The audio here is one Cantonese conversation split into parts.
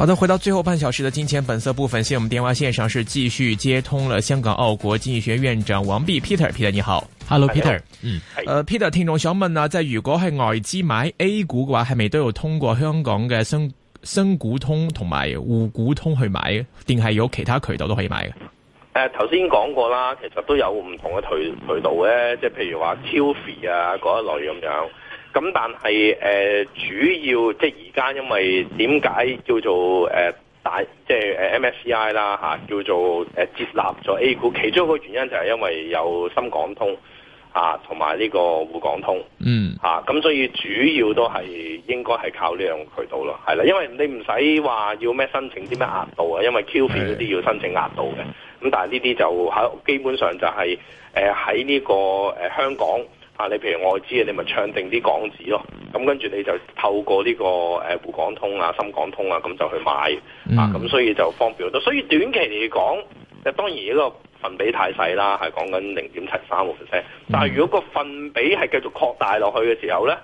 好的，回到最後半小時的金錢本色部分，先。我們電話線上是繼續接通了香港澳國經濟學院院長王弼 Peter，Peter 你好，Hello Peter，、啊、嗯、啊 uh,，Peter 聽眾想問啊，即係如果係外資買 A 股嘅話，係咪都要通過香港嘅深股通同埋滬股通去買，定係有其他渠道都可以買嘅？誒、呃，頭先講過啦，其實都有唔同嘅渠渠道咧，即係譬如話 QFII 啊嗰一類咁樣。咁但係誒、呃、主要即係而家，因為點解叫做誒、呃、大，即係 MSCI 啦、啊、叫做誒接納咗 A 股，其中一個原因就係因為有深港通啊，同埋呢個滬港通嗯嚇，咁、啊、所以主要都係應該係靠呢樣渠道咯，係啦，因為你唔使話要咩申請啲咩額度啊，因為 QF 嗰啲要申請額度嘅，咁但係呢啲就喺基本上就係誒喺呢個、呃、香港。啊！你譬如外資啊，你咪唱定啲港紙咯，咁跟住你就透過呢、這個誒滬、呃、港通啊、深港通啊，咁就去買、嗯、啊，咁所以就方便好多。所以短期嚟講，就當然呢個份比太細啦，係講緊零點七三 percent。但係如果個份比係繼續擴大落去嘅時候呢，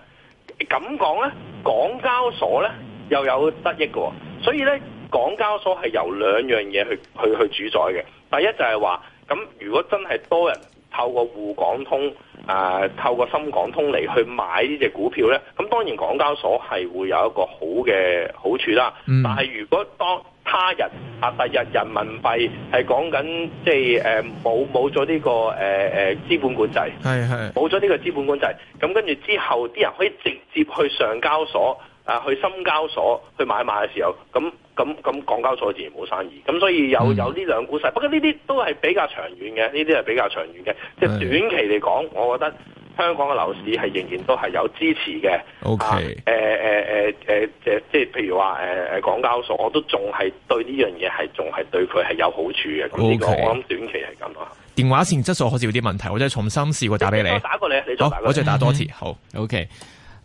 咁講呢，港交所呢又有得益嘅、哦。所以呢，港交所係由兩樣嘢去去去主宰嘅。第一就係話，咁如果真係多人透過滬港通。啊！透過深港通嚟去買呢隻股票呢，咁當然港交所係會有一個好嘅好處啦。嗯、但係如果當他人啊第日，日人民幣係講緊即係冇冇咗呢個誒誒資本管制，係係冇咗呢個資本管制，咁跟住之後啲人可以直接去上交所、啊、去深交所去買賣嘅時候，咁。.咁咁，港交所自然冇生意，咁所以有有呢兩股勢。不過呢啲都係比較長遠嘅，呢啲係比較長遠嘅。即係短期嚟講，我覺得香港嘅樓市係仍然都係有支持嘅。OK。誒誒誒誒誒，即係譬如話誒誒，港交所我都仲係對呢樣嘢係仲係對佢係有好處嘅。OK。我諗短期係咁啊。電話線質素好似有啲問題，我真係重新試過打俾你。我打過你，你再打過、oh, 我再打多次。嗯哼。好。OK。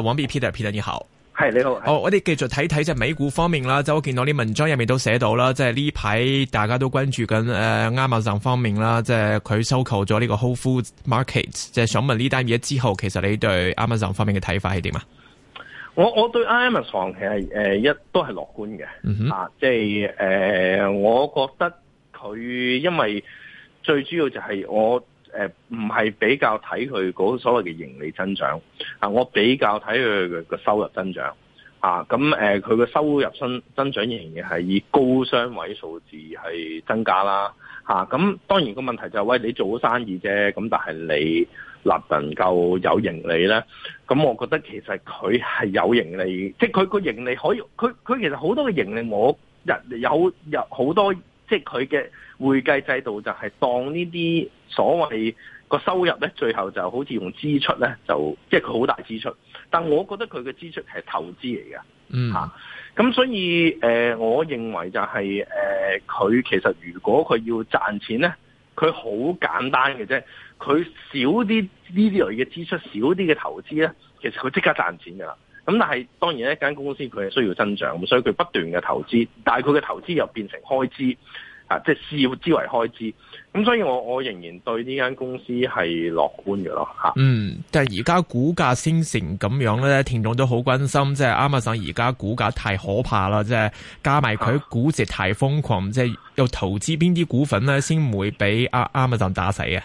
王弼 Peter，Peter 你好，係你好。哦、oh, 的，我哋繼續睇睇，即係美股方面啦。即係我見到啲文章入面都寫到啦，即係呢排大家都關注緊誒，Amazon 方面啦，即係佢收購咗呢個 Whole Foods Market。即係想問呢單嘢之後，其實你對 Amazon 方面嘅睇法係點、呃嗯、哼啊？我我對 Amazon 其實誒一都係樂觀嘅，啊，即係誒，我覺得佢因為最主要就係我。誒唔係比較睇佢嗰所謂嘅盈利增長啊，我比較睇佢嘅收入增長啊。咁誒，佢嘅收入增增長仍然係以高雙位數字係增加啦。嚇，咁當然個問題就係喂，你做好生意啫，咁但係你立能，能夠有盈利咧，咁我覺得其實佢係有盈利，即係佢個盈利可以，佢佢其實好多嘅盈利我，我入有有好多。即係佢嘅會計制度就係當呢啲所謂個收入咧，最後就好似用支出咧，就即係佢好大支出。但我覺得佢嘅支出係投資嚟嘅，嗯嚇。咁、啊、所以誒、呃，我認為就係、是、誒，佢、呃、其實如果佢要賺錢咧，佢好簡單嘅啫。佢少啲呢啲類嘅支出，少啲嘅投資咧，其實佢即刻賺錢㗎啦。咁但係當然一間公司佢係需要增長，咁所以佢不斷嘅投資，但係佢嘅投資又變成開支。啊！即係視之為開支，咁所以我我仍然對呢間公司係樂觀嘅咯，吓。嗯，但係而家股價升成咁樣咧，聽眾都好關心，即係 Amazon 而家股價太可怕啦，即係加埋佢估值太瘋狂，啊、即係要投資邊啲股份咧，先唔會俾阿 Amazon 打死啊？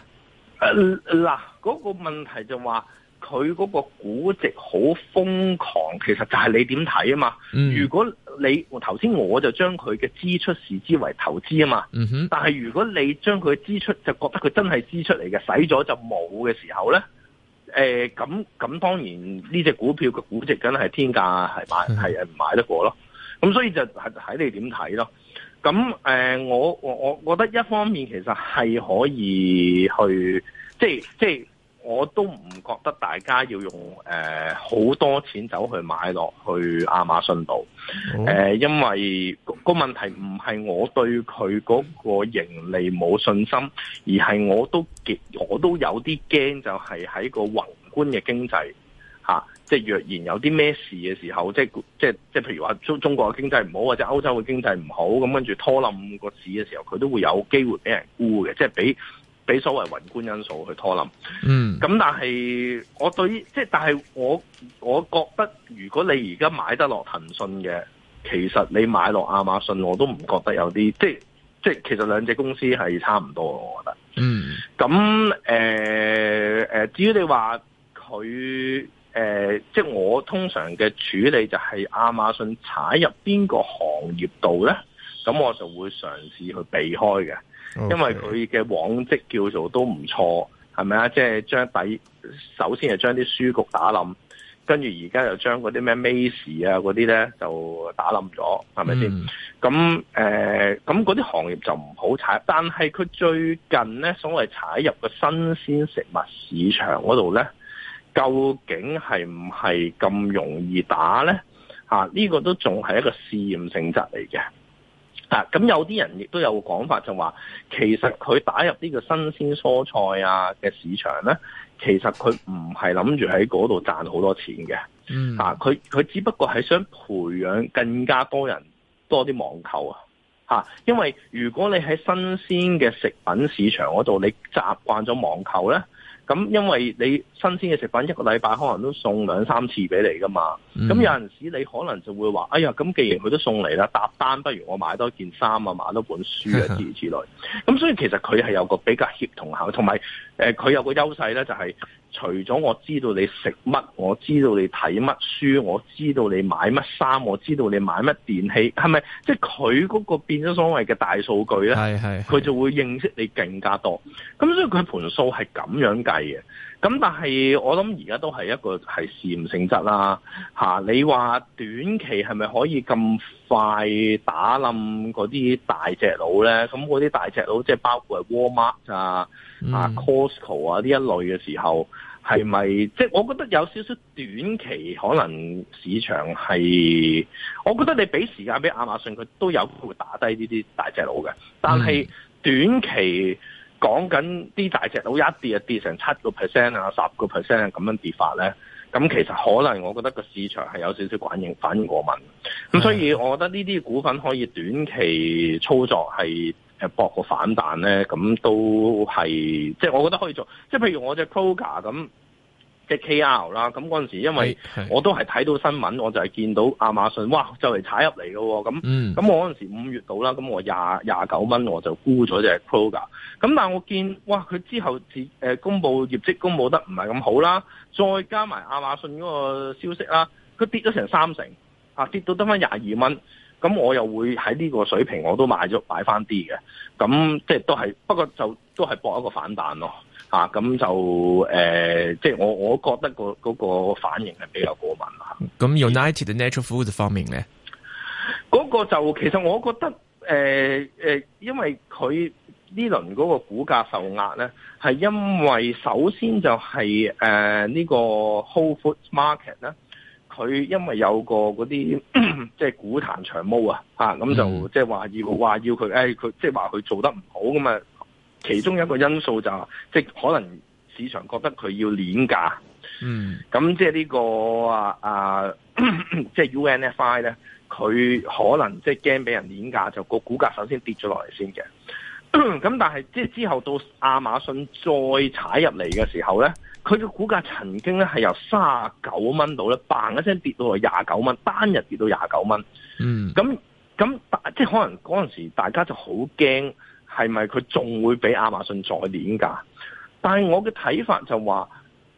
嗱，嗰個問題就話。佢嗰個估值好瘋狂，其實就係你點睇啊嘛？嗯、如果你頭先我就將佢嘅支出視之為投資啊嘛，嗯、哼但係如果你將佢嘅支出就覺得佢真係支出嚟嘅，使咗就冇嘅時候呢。誒咁咁當然呢隻股票嘅估值梗係天價，係買係唔買，買得過咯。咁、嗯、所以就係睇你點睇咯。咁誒、呃，我我我覺得一方面其實係可以去，即係即係。我都唔覺得大家要用誒呃、好多錢走去買落去亞馬遜度、嗯呃，因為個問題唔係我對佢嗰個盈利冇信心，而係我都我都有啲驚，就係喺個宏觀嘅經濟、啊、即係若然有啲咩事嘅時候，即係即係即係譬如話中中國嘅經濟唔好，或者歐洲嘅經濟唔好，咁跟住拖冧個市嘅時候，佢都會有機會俾人沽嘅，即係俾。俾所謂宏觀因素去拖冧，嗯，咁但係我對於即係，但係我我覺得如果你而家買得落騰訊嘅，其實你買落亞馬遜我都唔覺得有啲，即係即係其實兩隻公司係差唔多，我覺得，嗯，咁誒，呃呃，至於你話佢，呃，即係我通常嘅處理就係亞馬遜踩入邊個行業度咧，咁我就會嘗試去避開嘅。Okay. 因為佢嘅往績叫做都唔錯，係咪啊？即係將底首先係將啲書局打冧，跟住而家又將嗰啲咩美事啊嗰啲咧就打冧咗，係咪先？咁誒、mm.，咁嗰啲行業就唔好踩。但係佢最近咧，所謂踩入個新鮮食物市場嗰度咧，究竟係唔係咁容易打咧？吓、啊，呢、這個都仲係一個試驗性質嚟嘅。咁有啲人亦都有講法，就話其實佢打入呢個新鮮蔬菜啊嘅市場呢，其實佢唔係諗住喺嗰度賺好多錢嘅。嗯。佢佢、啊、只不過係想培養更加多人多啲網購啊，吓，因為如果你喺新鮮嘅食品市場嗰度，你習慣咗網購呢。咁因為你新鮮嘅食品一個禮拜可能都送兩三次俾你噶嘛，咁、嗯、有陣時你可能就會話，哎呀，咁既然佢都送嚟啦，搭單不如我買多件衫啊，買多本書啊，諸如此類之類。咁 所以其實佢係有個比較協同效，同埋誒佢有個優勢咧，就係、係。除咗我知道你食乜，我知道你睇乜書，我知道你買乜衫，我知道你買乜電器，係咪？即係佢嗰個變咗所謂嘅大數據咧，係係，佢就會認識你更加多。咁所以佢盤數係咁樣計嘅。咁但係我諗而家都係一個係試驗性質啦、啊、你話短期係咪可以咁快打冧嗰啲大隻佬咧？咁嗰啲大隻佬即係包括係 Walmart 啊、嗯、啊 Costco 啊呢一類嘅時候，係咪即係我覺得有少少短期可能市場係，我覺得你俾時間俾亞馬遜佢都有機會打低呢啲大隻佬嘅，但係短期。嗯講緊啲大隻佬一跌就跌成七個 percent 啊，十個 percent 咁樣跌法咧，咁其實可能我覺得個市場係有少少反應反應過敏，咁所以我覺得呢啲股份可以短期操作係誒博個反彈咧，咁都係即係我覺得可以做，即係譬如我隻 Proger 咁。嘅 K R 啦，咁嗰陣時因為我都係睇到新聞，我就係見到亞馬遜，哇就嚟踩入嚟嘅喎，咁咁、那個、我嗰陣時五月到啦，咁我廿廿九蚊我就沽咗隻 Kroger，咁但我見哇佢之後自、呃、公布業績公佈得唔係咁好啦，再加埋亞馬遜嗰個消息啦，佢跌咗成三成，啊、跌到得返廿二蚊。咁我又會喺呢個水平，我都買咗擺翻啲嘅。咁即係都係，不過就都係搏一個反彈咯。咁、啊、就、呃、即係我我覺得嗰、嗰個反應係比較過敏啦。咁 United Natural Foods 方面咧，嗰個就其實我覺得、呃呃、因為佢呢輪嗰個股價受壓咧，係因為首先就係、是、呢、呃呢個 Whole Foods Market 呢。佢因為有個嗰啲即係股壇長毛啊，嚇咁就，就、哎、即係話要話要佢，誒佢即係話佢做得唔好咁啊。其中一個因素就係、是、即係可能市場覺得佢要鏈價，嗯、這個，咁即係呢個啊啊，咳咳即係 UNFI 咧，佢可能即係驚俾人鏈價，就個股價首先跌咗落嚟先嘅。咁但係即係之後到亞馬遜再踩入嚟嘅時候咧，佢嘅股價曾經咧係由卅九蚊到咧，嘭一聲跌到去廿九蚊，單日跌到廿九蚊。嗯，咁咁即係可能嗰陣時大家就好驚，係咪佢仲會俾亞馬遜再點㗎？但係我嘅睇法就話。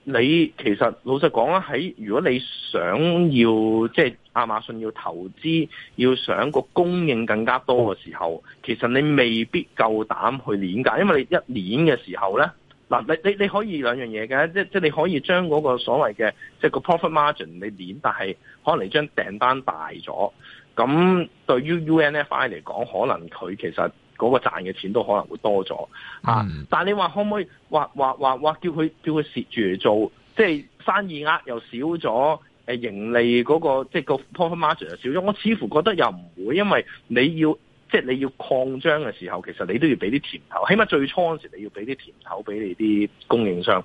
你其實老實講啦，喺如果你想要即係亞馬遜要投資，要想個供應更加多嘅時候，其實你未必夠膽去攣㗎，因為你一攣嘅時候咧，嗱你你你可以兩樣嘢嘅，即即你可以將嗰個所謂嘅即係個 profit margin 你攣，但係可能你將訂單大咗，咁對於 UNFI 嚟講，可能佢其實。嗰個賺嘅錢都可能會多咗、嗯、但你話可唔可以話叫佢叫佢蝕住嚟做，即係生意額又少咗，誒盈利嗰、嗰個即係個 profit margin 又少咗，我似乎覺得又唔會，因為你要即係你要擴張嘅時候，其實你都要俾啲甜頭，起碼最初嗰時你要俾啲甜頭俾你啲供應商。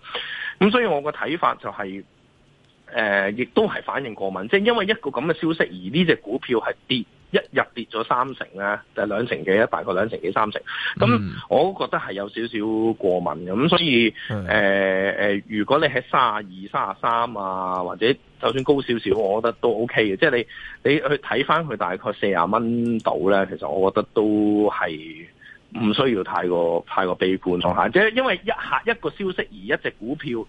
咁所以我個睇法就係、係呃、亦都係反應過敏，即係因為一個咁嘅消息而呢隻股票係跌。一日跌咗三成咧，就係兩成幾啊，大概兩成幾三成。咁、嗯、我覺得係有少少過敏，咁所以的、呃呃、如果你喺三十二、三十三啊，或者就算高少少，我覺得都 OK 嘅。即係你你去睇返佢大概四十蚊度咧，其實我覺得都係唔需要太過太過悲觀同下，即係、嗯、因為一下一個消息而一隻股票。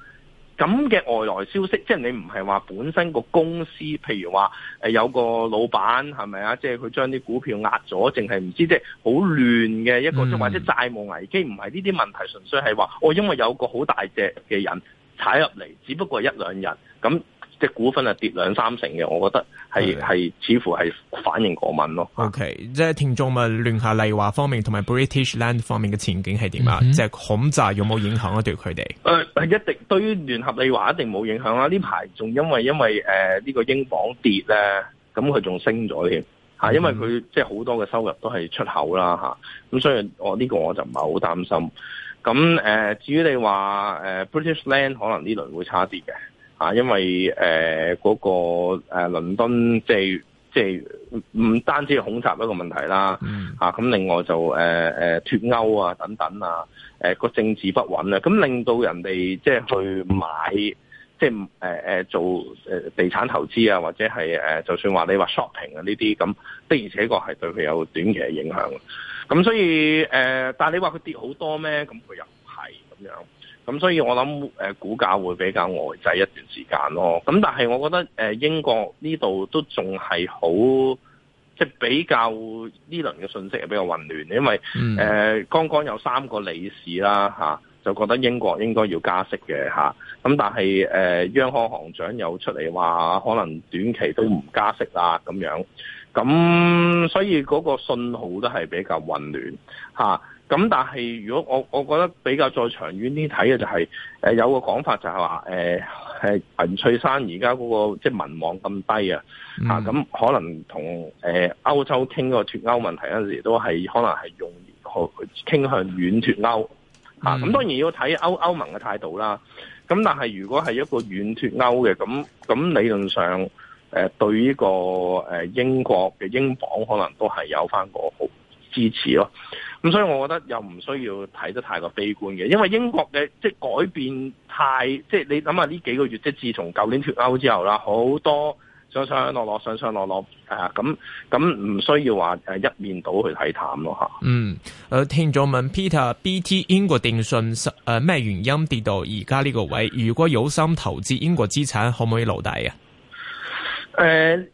咁嘅外來消息，即係你唔係話本身個公司，譬如話誒有個老闆係咪啊？即係佢將啲股票壓咗，淨係唔知即係好亂嘅一個，或者債務危機，唔係呢啲問題，純粹係話哦，因為有個好大隻嘅人踩入嚟，只不過係一兩日咁。即股份啊，跌兩三成嘅，我覺得係係、嗯、似乎係反應過敏咯。OK，即係聽眾咪聯合利華方面同埋 British Land 方面嘅前景係點啊？嗯、哼即係恐襲有冇影響啊？對佢哋？誒，一定對於聯合利華一定冇影響啦。呢排仲因為因為誒呢、呃這個英鎊跌咧，咁佢仲升咗添嚇，因為佢、嗯、哼即係好多嘅收入都係出口啦嚇，咁、啊、所以我呢個我就唔係好擔心。咁誒、呃，至於你話誒、呃、British Land 可能呢輪會差啲嘅。啊，因為誒嗰、呃那個誒倫、呃、敦即係即係唔唔單止係恐襲一個問題啦，啊咁另外就誒誒脫歐啊等等啊，誒個政治不穩啊，咁令到人哋即係去買，即係誒誒做誒地產投資啊，或者係誒、呃、就算話你話 shopping 啊呢啲咁，那的而且確係對佢有短期嘅影響。咁所以誒、呃，但係你話佢跌好多咩？咁佢又唔係咁樣。咁所以我諗，誒，股價會比較呆、呃、滯、就是、一段時間咯。咁但係我覺得，誒，英國呢度都仲係好，即、就、係、是、比較呢輪嘅信息係比較混亂，因為誒，剛剛、嗯呃、有三個理事啦，吓、啊、就覺得英國應該要加息嘅吓。咁、啊、但係，誒、呃，央行行長有出嚟話可能短期都唔加息啦，咁樣。咁所以嗰個信號都係比較混亂，吓、啊。咁但係如果我，我覺得比較再長遠啲睇嘅就係、是，有個講法就係話，誒、呃、係、呃、文翠珊而家嗰個即係、就是、民望咁低、嗯、啊，咁可能同誒、呃、歐洲傾個脱歐問題嗰時都，都係可能係用傾向軟脱歐，咁、啊嗯啊、當然要睇歐歐盟嘅態度啦。咁但係如果係一個軟脱歐嘅，咁咁理論上、呃、對呢個英國嘅英鎊可能都係有翻個好支持咯。咁所以，我覺得又唔需要睇得太過悲觀嘅，因為英國嘅即係改變太即係你諗下呢幾個月，即係自從舊年脱歐之後啦，好多上上落落，上上落落咁咁，啊，唔需要話誒一面倒去睇淡咯吓。嗯，誒、呃、聽咗問 Peter BT 英國電訊誒咩原因跌到而家呢個位？如果有心投資英國資產，可唔可以留底啊？誒誒、呃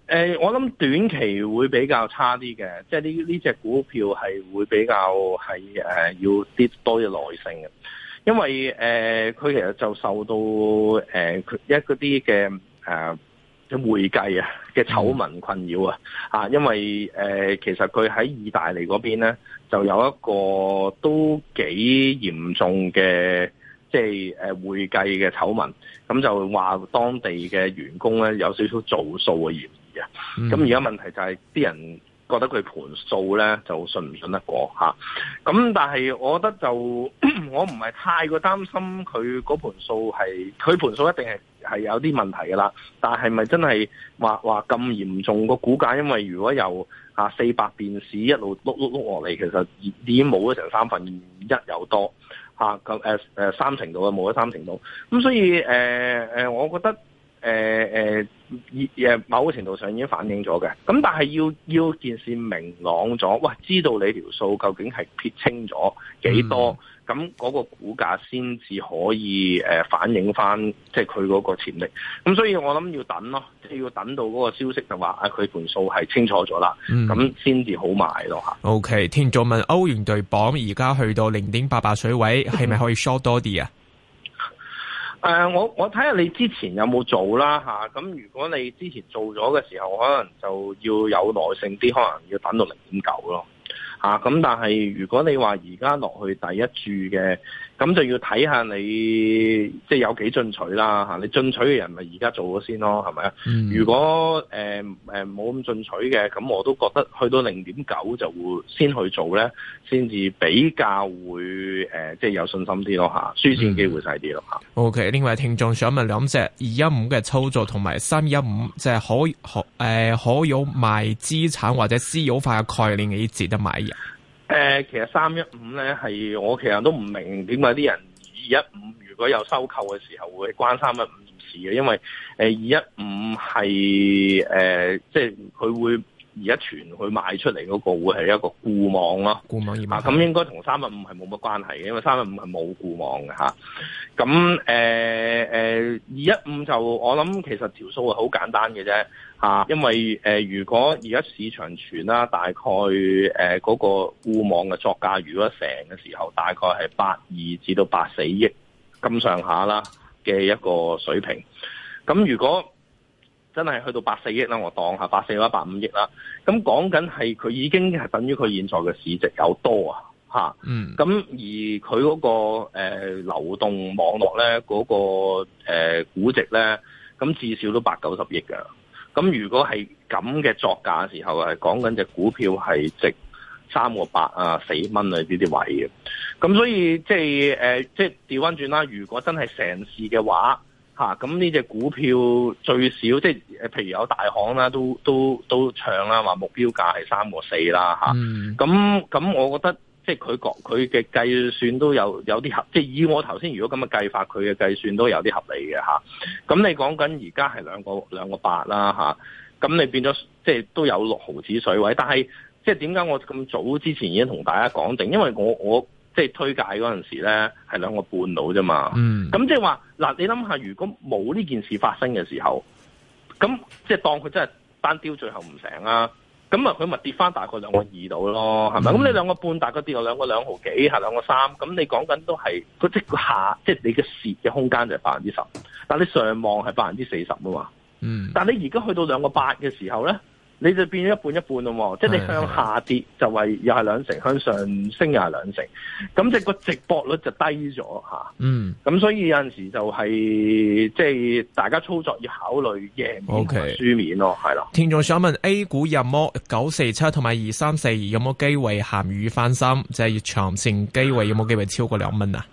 呃，我諗短期會比較差啲嘅，即係呢呢隻股票係會比較係誒、呃、要啲多嘅耐性嘅，因為誒佢、呃、其實就受到誒、呃、一嗰啲嘅誒會計啊嘅醜聞困擾啊，因為誒、呃、其實佢喺意大利嗰邊咧就有一個都幾嚴重嘅。即係會計嘅醜聞，咁就話當地嘅員工咧有少少做數嘅嫌疑啊！咁而家問題就係、是、啲人覺得佢盤數咧就信唔信得過嚇？咁、啊、但係我覺得就我唔係太過擔心佢嗰盤數，係佢盤數一定係係有啲問題㗎啦。但係咪真係話話咁嚴重個股價？因為如果由啊四百點市一路碌碌碌落嚟，其實已經冇咗成三分一有多。嚇，咁誒誒三成度啊，冇、啊、咗、啊、三成度，咁所以誒誒、呃，我覺得。誒誒，誒、呃呃，某個程度上已經反映咗嘅。咁但係要要件事明朗咗，哇！知道你條數究竟係撇清咗幾多，咁嗰、嗯、個股價先至可以誒、呃、反映翻，即係佢嗰個潛力。咁所以我諗要等咯，即係要等到嗰個消息就話啊，佢盤數係清楚咗啦，咁先至好買咯吓。O K，聽眾問歐元兌磅而家去到零點八八水位，係咪可以 short 多啲啊？ 誒、uh，我我睇下你之前有冇做啦吓，咁、啊、如果你之前做咗嘅時候，可能就要有耐性啲，可能要等到零點九咯，吓、啊、咁但係如果你話而家落去第一注嘅。咁就要睇下你即係有幾進取啦嚇，你進取嘅人咪而家做咗先咯，係咪啊？嗯、如果誒誒冇咁進取嘅，咁我都覺得去到零點九就會先去做咧，先至比較會誒即係有信心啲咯嚇，輸錢機會細啲咯嚇。OK，另外聽眾想問兩隻二一五嘅操作同埋三一五，即係可可誒、呃、可有賣資產或者私有化嘅概念嘅，值得買人？誒、呃，其實三一五咧，係，我其實都唔明點解啲人，二一五如果有收購嘅時候會關三一五事嘅，因為誒二一五係誒即係佢會而家團去賣出嚟，嗰個會係一個固網咯，固網二一咁、啊、應該同三一五係冇乜關係嘅，因為三一五係冇固網嘅吓。咁誒誒二一五就我諗其實條數係好簡單嘅啫。啊，因為誒、呃，如果而家市場傳啦，大概誒嗰、呃那個固網嘅作價，如果成嘅時候，大概係八二至到八四億咁上下啦嘅一個水平。咁如果真係去到八四億啦，我當下八四或者八五億啦，咁講緊係佢已經係等於佢現在嘅市值有多、嗯、啊、嚇、那個。嗯、呃。咁而佢嗰個流動網絡咧，嗰、那個、呃、估值咧，咁至少都八九十億㗎。咁如果係咁嘅作價嘅時候，係講緊隻股票係值三個八啊、四蚊啊呢啲位嘅，咁所以即係誒，即係調翻轉啦。如果真係成市嘅話，嚇，咁呢隻股票最少即係誒，譬如有大行啦，都都都唱啦，話目標價係三個四啦嚇。咁、啊、咁，嗯、我覺得。即係佢講佢嘅計算都有有啲合，即係以我頭先如果咁嘅計法，佢嘅計算都有啲合理嘅吓。咁、啊、你講緊而家係兩個兩個八啦吓，咁、啊、你變咗即係都有六毫子水位，但係即係點解我咁早之前已經同大家講定？因為我我即係推介嗰陣時咧係兩個半到啫嘛。嗯。咁即係話嗱，你諗下如果冇呢件事發生嘅時候，咁即係當佢真係單雕，最後唔成啦、啊。咁啊，佢咪跌翻大概兩個二度咯，係咪？咁、嗯、你兩個半大概跌到兩個兩毫幾，係兩個三，咁你講緊都係即個下，即、就、係、是、你嘅蝕嘅空間就係百分之十，但係你上望係百分之四十啊嘛。嗯，但係你而家去到兩個八嘅時候咧？你就變咗一半一半咯喎，即係你向下跌就係又係兩成，是是是向上升又係兩成，咁即係個值博率就低咗嚇。嗯，咁所以有陣時就係、是、即係大家操作要考慮贏,贏書面 k 輸面咯，係啦 Okay, 的。聽眾想問 A 股入面九四七同埋二三四二有冇機會鹹魚翻身？即、就、係、是、長線機會有冇機會超過兩蚊啊？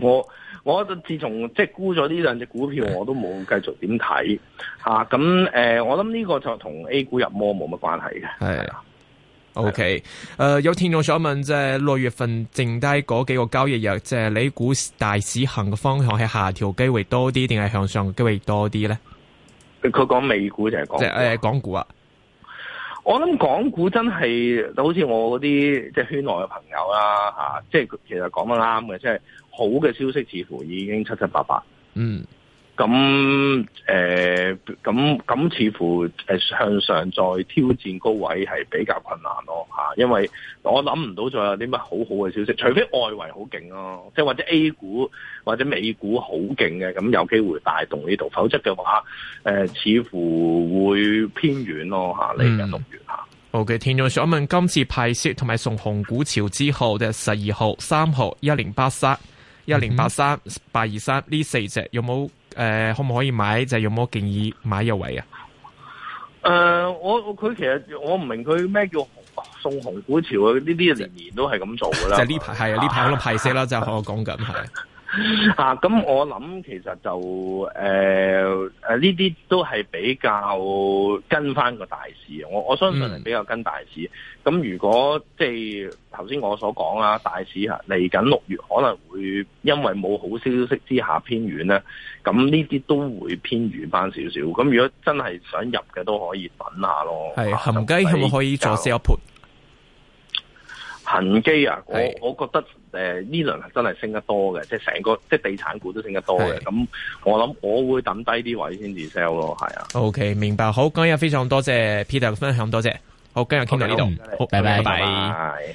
我。我自從即係沽咗呢兩隻股票，是我都冇繼續點睇嚇。咁、啊、誒、呃，我諗呢個就同 A 股入魔冇乜關係嘅。係啊是。OK，誒有聽眾想問，即係六月份剩低嗰幾個交易日，即係你估大市行嘅方向係下調機會多啲，定係向上機會多啲咧？佢講美股定係講即係誒港股啊？我諗港股真係，好似我嗰啲即係圈內嘅朋友啦、吓、即係其實講得啱嘅，即係好嘅消息似乎已經七七八八。嗯。咁誒，咁咁、呃、似乎向上再挑戰高位係比較困難咯嚇，因為我諗唔到再有啲乜好好嘅消息，除非外圍好勁咯，即係或者 A 股或者美股好勁嘅，咁有機會帶動呢度，否則嘅話、呃、似乎會偏遠咯嚇，嚟緊六月嚇。OK 天佑想問今次派息同埋送紅股潮之後嘅十二號、三號、一零八三，一零八三、八二三呢四隻有冇？誒、呃，可唔可以買？就係有冇建議買一位啊？誒、呃，我佢其實我唔明佢咩叫送紅股潮啊！呢啲年年都係咁做噶啦。就呢、是、排係啊，呢排好多派息啦，啊、就係我講緊係。 啊，咁我諗其實就誒誒呢啲都係比較跟翻個大市，我我相信係比較跟大市。咁、嗯、如果即係頭先我所講呀，大市吓嚟緊六月可能會因為冇好消息之下偏軟，咧，咁呢啲都會偏軟翻少少。咁如果真係想入嘅，都可以等下咯。係，恒基係咪可以再試一盤？恒基啊，啊是我我覺得。誒，呢輪係真係升得多嘅，即係成個即係地產股都升得多嘅。咁是我諗我會等低啲位先至 sell 咯，係啊。OK，明白。好，今日非常多謝 Peter 分享，多謝。好，今日傾到呢度，Okay, go. 好，拜拜。